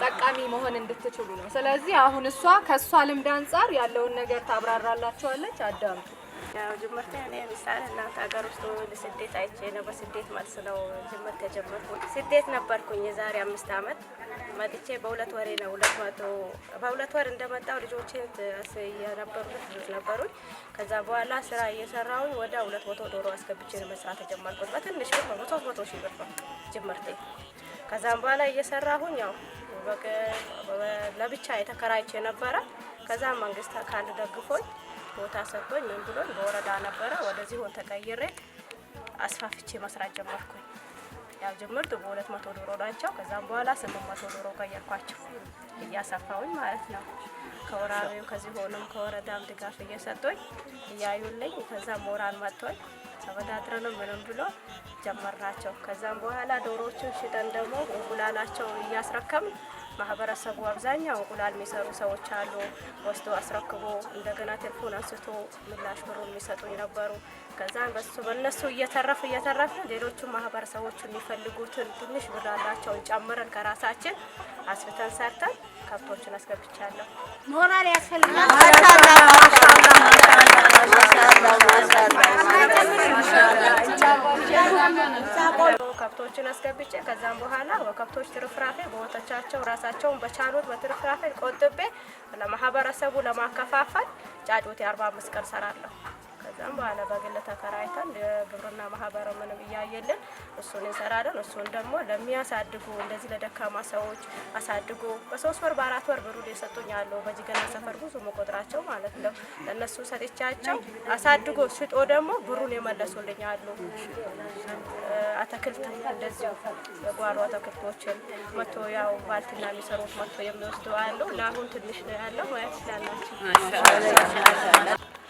ተጠቃሚ መሆን እንድትችሉ ነው። ስለዚህ አሁን እሷ ከእሷ ልምድ አንጻር ያለውን ነገር ታብራራላቸዋለች። አዳምጡ። ያው ጅምርቴ እኔ ምሳሌ እናንተ ሀገር ውስጥ ስደት አይቼ ነው። በስደት መልስ ነው ጅምር ከጀመርኩኝ። ስደት ነበርኩኝ የዛሬ አምስት ዓመት መጥቼ በሁለት ወሬ ነው በሁለት ወር እንደመጣው ልጆች የነበሩት ልጆች ነበሩኝ። ከዛ በኋላ ስራ እየሰራሁኝ ወደ ሁለት መቶ ዶሮ አስገብቼ ነው መስራት የጀመርኩት። በትንሽ ግን በመቶ መቶ ሺህ ብር ነው ጅምርቴ። ከዛም በኋላ እየሰራሁኝ ያው ለብቻ የተከራይቼ ነበረ። ከዛም መንግስት አካል ደግፎኝ ቦታ ሰጥቶኝ ምን ብሎኝ በወረዳ ነበረ ወደዚህ ሆን ተቀይሬ አስፋፍቼ መስራት ጀመርኩኝ። ያው ጀምርቱ በሁለት መቶ ዶሮ ናቸው። ከዛም በኋላ ስምንት መቶ ዶሮ ቀየርኳቸው እያሰፋውኝ ማለት ነው። ከወራሪው ከዚህ ሆኖም ከወረዳም ድጋፍ እየሰጡኝ እያዩልኝ፣ ከዛም ሞራል መጥቶኝ ተወዳድረንም ምንም ብሎ ጀመርናቸው። ከዛም በኋላ ዶሮዎቹን ሽጠን ደግሞ እንቁላላቸው እያስረከም ማህበረሰቡ አብዛኛው እንቁላል የሚሰሩ ሰዎች አሉ። ወስዶ አስረክቦ እንደገና ቴሌፎን አንስቶ ምላሽ ብሩ የሚሰጡኝ ነበሩ። ከዛም በሱ በእነሱ እየተረፍ እየተረፍ ሌሎቹ ማህበረሰቦች የሚፈልጉትን ትንሽ ብር አላቸውን ጨምረን ከራሳችን አስፍተን ሰርተን ከብቶችን አስገብቻለሁ። ሞራል ያስፈልጋል። ከብቶችን አስገብቼ ከዛም በኋላ ከብቶች ትርፍራፌ በወተቻቸው ራሳቸውን በቻሉት በትርፍራፌ ቆጥቤ ለማህበረሰቡ ለማከፋፈል ጫጩት የ45 ቀን ሰራለሁ። ከዛም በኋላ በግል ተከራይተን የግብርና ማህበር ምንም እያየልን እሱን እንሰራለን። እሱን ደግሞ ለሚያሳድጉ እንደዚህ ለደካማ ሰዎች አሳድጎ በሶስት ወር በአራት ወር ብሩን የሰጡኛለሁ በጅገና ሰፈር ብዙ መቆጥራቸው ማለት ነው። ለእነሱ ሰጥቻቸው አሳድጎ ሽጦ ደግሞ ብሩን የመለሱልኝ አሉ። አትክልት እንደዚሁ የጓሮ አትክልቶችን መቶ ያው ባልትና የሚሰሩት መቶ የሚወስዱ አሉ። ለአሁን ትንሽ ነው ያለው ማለት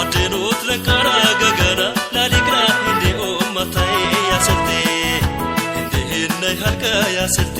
አድኖት ለንቃና ገገና ላሊቅራ እንዴ ኦመታይ ያሰልቴ እንዴ ሀልቀ ያሰልቴ